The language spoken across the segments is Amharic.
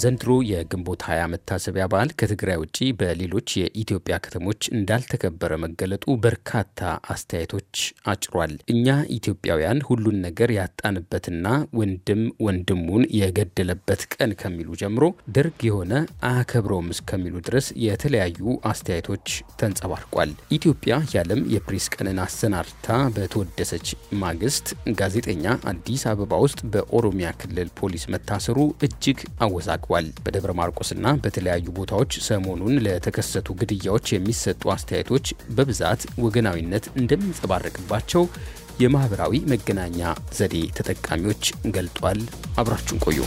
ዘንድሮ የግንቦት ሀያ መታሰቢያ በዓል ከትግራይ ውጪ በሌሎች የኢትዮጵያ ከተሞች እንዳልተከበረ መገለጡ በርካታ አስተያየቶች አጭሯል። እኛ ኢትዮጵያውያን ሁሉን ነገር ያጣንበትና ወንድም ወንድሙን የገደለበት ቀን ከሚሉ ጀምሮ ደርግ የሆነ አያከብረውም እስከሚሉ ድረስ የተለያዩ አስተያየቶች ተንጸባርቋል። ኢትዮጵያ የዓለም የፕሬስ ቀንን አሰናርታ በተወደሰች ማግስት ጋዜጠኛ አዲስ አበባ ውስጥ በኦሮሚያ ክልል ፖሊስ መታሰሩ እጅግ አወዛግ ተጠናቅቋል። በደብረ ማርቆስና በተለያዩ ቦታዎች ሰሞኑን ለተከሰቱ ግድያዎች የሚሰጡ አስተያየቶች በብዛት ወገናዊነት እንደሚንጸባረቅባቸው የማኅበራዊ መገናኛ ዘዴ ተጠቃሚዎች ገልጧል። አብራችሁን ቆዩ።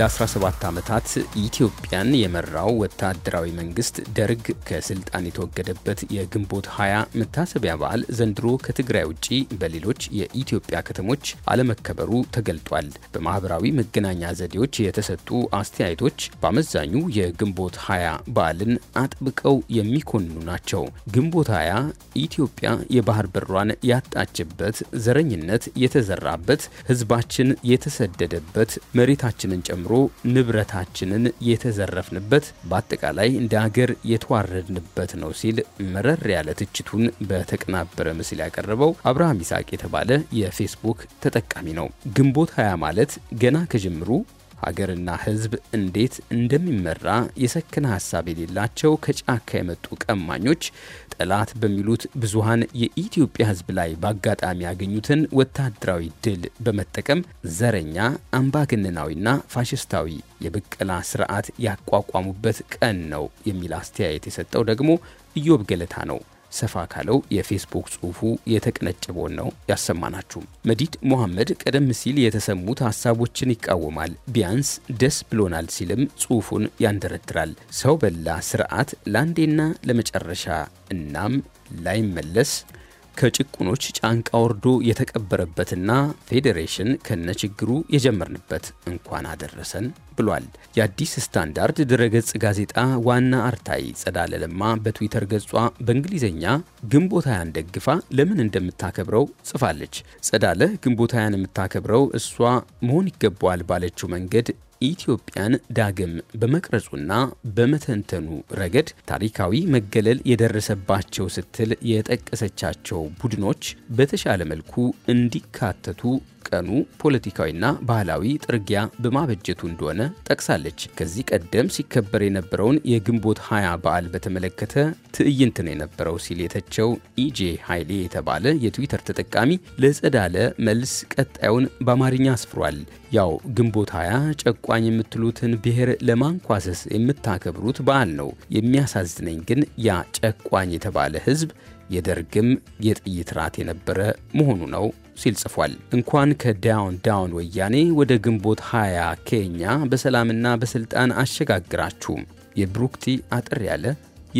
ለ17 ዓመታት ኢትዮጵያን የመራው ወታደራዊ መንግስት ደርግ ከስልጣን የተወገደበት የግንቦት 20 መታሰቢያ በዓል ዘንድሮ ከትግራይ ውጪ በሌሎች የኢትዮጵያ ከተሞች አለመከበሩ ተገልጧል። በማህበራዊ መገናኛ ዘዴዎች የተሰጡ አስተያየቶች በአመዛኙ የግንቦት 20 በዓልን አጥብቀው የሚኮንኑ ናቸው። ግንቦት 20 ኢትዮጵያ የባህር በሯን ያጣችበት፣ ዘረኝነት የተዘራበት፣ ህዝባችን የተሰደደበት፣ መሬታችንን ጨምሮ ኖሮ ንብረታችንን የተዘረፍንበት በአጠቃላይ እንደ ሀገር የተዋረድንበት ነው ሲል መረር ያለ ትችቱን በተቀናበረ ምስል ያቀረበው አብርሃም ይስሐቅ የተባለ የፌስቡክ ተጠቃሚ ነው። ግንቦት 20 ማለት ገና ከጀምሩ ሀገርና ሕዝብ እንዴት እንደሚመራ የሰከነ ሀሳብ የሌላቸው ከጫካ የመጡ ቀማኞች ጠላት በሚሉት ብዙሀን የኢትዮጵያ ሕዝብ ላይ በአጋጣሚ ያገኙትን ወታደራዊ ድል በመጠቀም ዘረኛ አምባገነናዊና ፋሽስታዊ የብቀላ ስርዓት ያቋቋሙበት ቀን ነው የሚል አስተያየት የሰጠው ደግሞ ኢዮብ ገለታ ነው። ሰፋ ካለው የፌስቡክ ጽሁፉ የተቀነጨበውን ነው ያሰማናችሁ። መዲድ ሞሐመድ ቀደም ሲል የተሰሙት ሀሳቦችን ይቃወማል። ቢያንስ ደስ ብሎናል ሲልም ጽሁፉን ያንደረድራል። ሰው በላ ስርዓት ለአንዴና ለመጨረሻ እናም ላይመለስ ከጭቁኖች ጫንቃ ወርዶ የተቀበረበትና ፌዴሬሽን ከነችግሩ የጀመርንበት እንኳን አደረሰን ብሏል። የአዲስ ስታንዳርድ ድረገጽ ጋዜጣ ዋና አርታይ ጸዳለ ለማ በትዊተር ገጿ በእንግሊዝኛ ግንቦታያን ደግፋ ለምን እንደምታከብረው ጽፋለች። ጸዳለ ግንቦታያን የምታከብረው እሷ መሆን ይገባዋል ባለችው መንገድ ኢትዮጵያን ዳግም በመቅረጹና በመተንተኑ ረገድ ታሪካዊ መገለል የደረሰባቸው ስትል የጠቀሰቻቸው ቡድኖች በተሻለ መልኩ እንዲካተቱ ቀኑ ፖለቲካዊና ባህላዊ ጥርጊያ በማበጀቱ እንደሆነ ጠቅሳለች። ከዚህ ቀደም ሲከበር የነበረውን የግንቦት 20 በዓል በተመለከተ ትዕይንት ነው የነበረው ሲል የተቸው ኢጄ ኃይሌ የተባለ የትዊተር ተጠቃሚ ለጸዳለ መልስ ቀጣዩን በአማርኛ አስፍሯል። ያው ግንቦት 20 ጨቋ ጨቋኝ የምትሉትን ብሔር ለማንኳሰስ የምታከብሩት በዓል ነው። የሚያሳዝነኝ ግን ያ ጨቋኝ የተባለ ህዝብ የደርግም የጥይት ራት የነበረ መሆኑ ነው ሲል ጽፏል። እንኳን ከዳውን ዳውን ወያኔ ወደ ግንቦት 20 ኬኛ በሰላምና በስልጣን አሸጋግራችሁም የብሩክቲ አጠር ያለ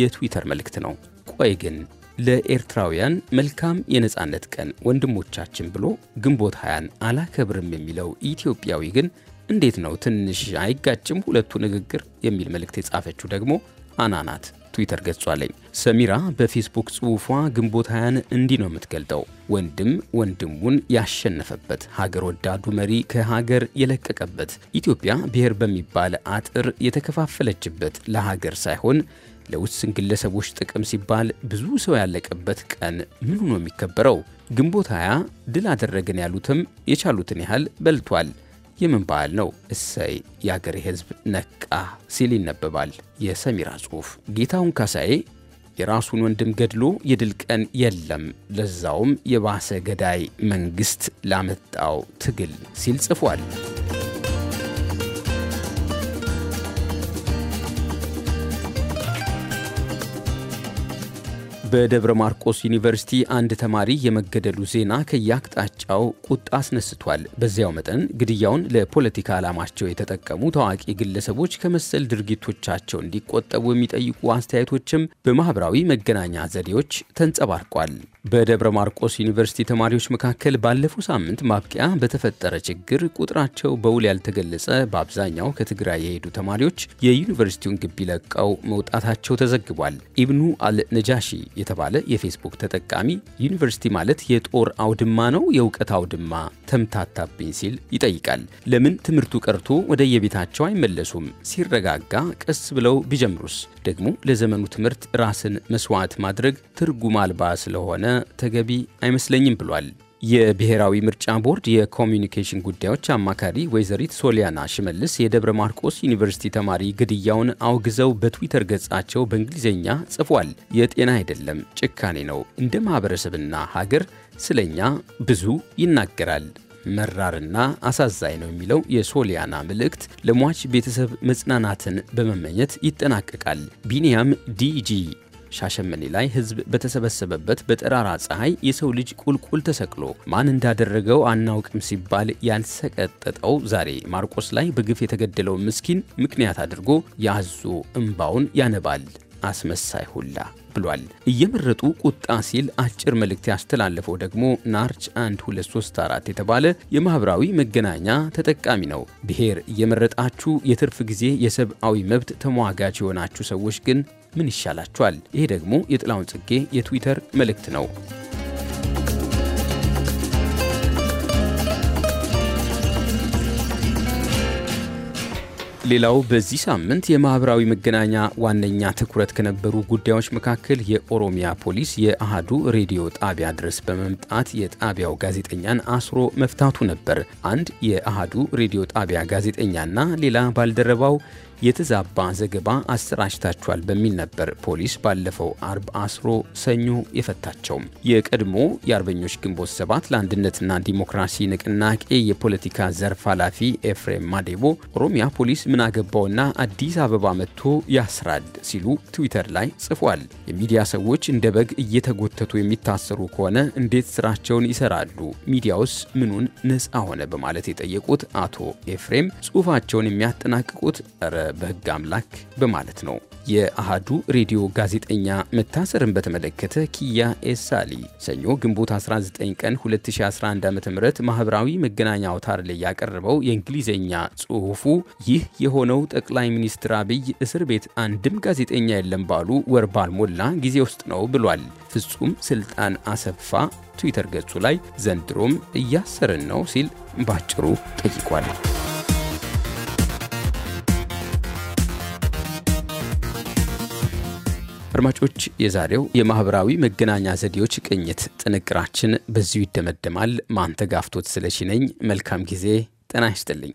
የትዊተር መልእክት ነው። ቆይ ግን ለኤርትራውያን መልካም የነፃነት ቀን ወንድሞቻችን ብሎ ግንቦት ሀያን አላከብርም የሚለው ኢትዮጵያዊ ግን እንዴት ነው ትንሽ አይጋጭም ሁለቱ ንግግር የሚል መልእክት የጻፈችው ደግሞ አና ናት። ትዊተር ገጿለኝ። ሰሚራ በፌስቡክ ጽሑፏ ግንቦት ሃያን እንዲህ ነው የምትገልጠው። ወንድም ወንድሙን ያሸነፈበት፣ ሀገር ወዳዱ መሪ ከሀገር የለቀቀበት፣ ኢትዮጵያ ብሔር በሚባል አጥር የተከፋፈለችበት፣ ለሀገር ሳይሆን ለውስን ግለሰቦች ጥቅም ሲባል ብዙ ሰው ያለቀበት ቀን ምኑ ነው የሚከበረው? ግንቦት ሃያ ድል አደረግን ያሉትም የቻሉትን ያህል በልቷል። የምን በዓል ነው? እሰይ የአገሬ ሕዝብ ነቃ ሲል ይነበባል የሰሚራ ጽሑፍ። ጌታሁን ካሳዬ የራሱን ወንድም ገድሎ የድል ቀን የለም ለዛውም የባሰ ገዳይ መንግሥት ላመጣው ትግል ሲል ጽፏል። በደብረ ማርቆስ ዩኒቨርሲቲ አንድ ተማሪ የመገደሉ ዜና ከየአቅጣጫው ቁጣ አስነስቷል። በዚያው መጠን ግድያውን ለፖለቲካ ዓላማቸው የተጠቀሙ ታዋቂ ግለሰቦች ከመሰል ድርጊቶቻቸው እንዲቆጠቡ የሚጠይቁ አስተያየቶችም በማኅበራዊ መገናኛ ዘዴዎች ተንጸባርቋል። በደብረ ማርቆስ ዩኒቨርሲቲ ተማሪዎች መካከል ባለፈው ሳምንት ማብቂያ በተፈጠረ ችግር ቁጥራቸው በውል ያልተገለጸ በአብዛኛው ከትግራይ የሄዱ ተማሪዎች የዩኒቨርሲቲውን ግቢ ለቀው መውጣታቸው ተዘግቧል። ኢብኑ አል ነጃሺ የተባለ የፌስቡክ ተጠቃሚ ዩኒቨርሲቲ ማለት የጦር አውድማ ነው፣ የእውቀት አውድማ ተምታታብኝ ሲል ይጠይቃል። ለምን ትምህርቱ ቀርቶ ወደየቤታቸው አይመለሱም? ሲረጋጋ ቀስ ብለው ቢጀምሩስ? ደግሞ ለዘመኑ ትምህርት ራስን መስዋዕት ማድረግ ትርጉም አልባ ስለሆነ ተገቢ አይመስለኝም ብሏል። የብሔራዊ ምርጫ ቦርድ የኮሚዩኒኬሽን ጉዳዮች አማካሪ ወይዘሪት ሶሊያና ሽመልስ የደብረ ማርቆስ ዩኒቨርሲቲ ተማሪ ግድያውን አውግዘው በትዊተር ገጻቸው በእንግሊዝኛ ጽፏል። የጤና አይደለም፣ ጭካኔ ነው። እንደ ማህበረሰብና ሀገር ስለኛ ብዙ ይናገራል። መራርና አሳዛኝ ነው የሚለው የሶሊያና መልእክት ለሟች ቤተሰብ መጽናናትን በመመኘት ይጠናቀቃል። ቢኒያም ዲጂ ሻሸመኔ ላይ ህዝብ በተሰበሰበበት በጠራራ ፀሐይ የሰው ልጅ ቁልቁል ተሰቅሎ ማን እንዳደረገው አናውቅም ሲባል ያልሰቀጠጠው ዛሬ ማርቆስ ላይ በግፍ የተገደለው ምስኪን ምክንያት አድርጎ ያዞ እምባውን ያነባል አስመሳይ ሁላ ብሏል። እየመረጡ ቁጣ ሲል አጭር መልእክት ያስተላለፈው ደግሞ ናርች 1234 የተባለ የማኅበራዊ መገናኛ ተጠቃሚ ነው። ብሔር እየመረጣችሁ የትርፍ ጊዜ የሰብአዊ መብት ተሟጋች የሆናችሁ ሰዎች ግን ምን ይሻላችኋል? ይሄ ደግሞ የጥላውን ጽጌ የትዊተር መልእክት ነው። ሌላው በዚህ ሳምንት የማህበራዊ መገናኛ ዋነኛ ትኩረት ከነበሩ ጉዳዮች መካከል የኦሮሚያ ፖሊስ የአሃዱ ሬዲዮ ጣቢያ ድረስ በመምጣት የጣቢያው ጋዜጠኛን አስሮ መፍታቱ ነበር። አንድ የአሃዱ ሬዲዮ ጣቢያ ጋዜጠኛና ሌላ ባልደረባው የተዛባ ዘገባ አሰራጭታችኋል በሚል ነበር ፖሊስ ባለፈው አርብ አስሮ ሰኞ የፈታቸው። የቀድሞ የአርበኞች ግንቦት ሰባት ለአንድነትና ዲሞክራሲ ንቅናቄ የፖለቲካ ዘርፍ ኃላፊ ኤፍሬም ማዴቦ ኦሮሚያ ፖሊስ ምን አገባውና አዲስ አበባ መጥቶ ያስራል ሲሉ ትዊተር ላይ ጽፏል። የሚዲያ ሰዎች እንደ በግ እየተጎተቱ የሚታሰሩ ከሆነ እንዴት ስራቸውን ይሰራሉ? ሚዲያውስ ምኑን ነፃ ሆነ? በማለት የጠየቁት አቶ ኤፍሬም ጽሁፋቸውን የሚያጠናቅቁት እረ በሕግ አምላክ በማለት ነው። የአሃዱ ሬዲዮ ጋዜጠኛ መታሰርን በተመለከተ ኪያ ኤሳሊ ሰኞ ግንቦት 19 ቀን 2011 ዓ ም ማኅበራዊ መገናኛ አውታር ላይ ያቀረበው የእንግሊዝኛ ጽሑፉ ይህ የሆነው ጠቅላይ ሚኒስትር አብይ እስር ቤት አንድም ጋዜጠኛ የለም ባሉ ወር ባልሞላ ጊዜ ውስጥ ነው ብሏል። ፍጹም ስልጣን አሰፋ ትዊተር ገጹ ላይ ዘንድሮም እያሰርን ነው ሲል ባጭሩ ጠይቋል። አድማጮች፣ የዛሬው የማህበራዊ መገናኛ ዘዴዎች ቅኝት ጥንቅራችን በዚሁ ይደመደማል። ማንተጋፍቶት ስለሺ ነኝ። መልካም ጊዜ። ጤና ይስጥልኝ።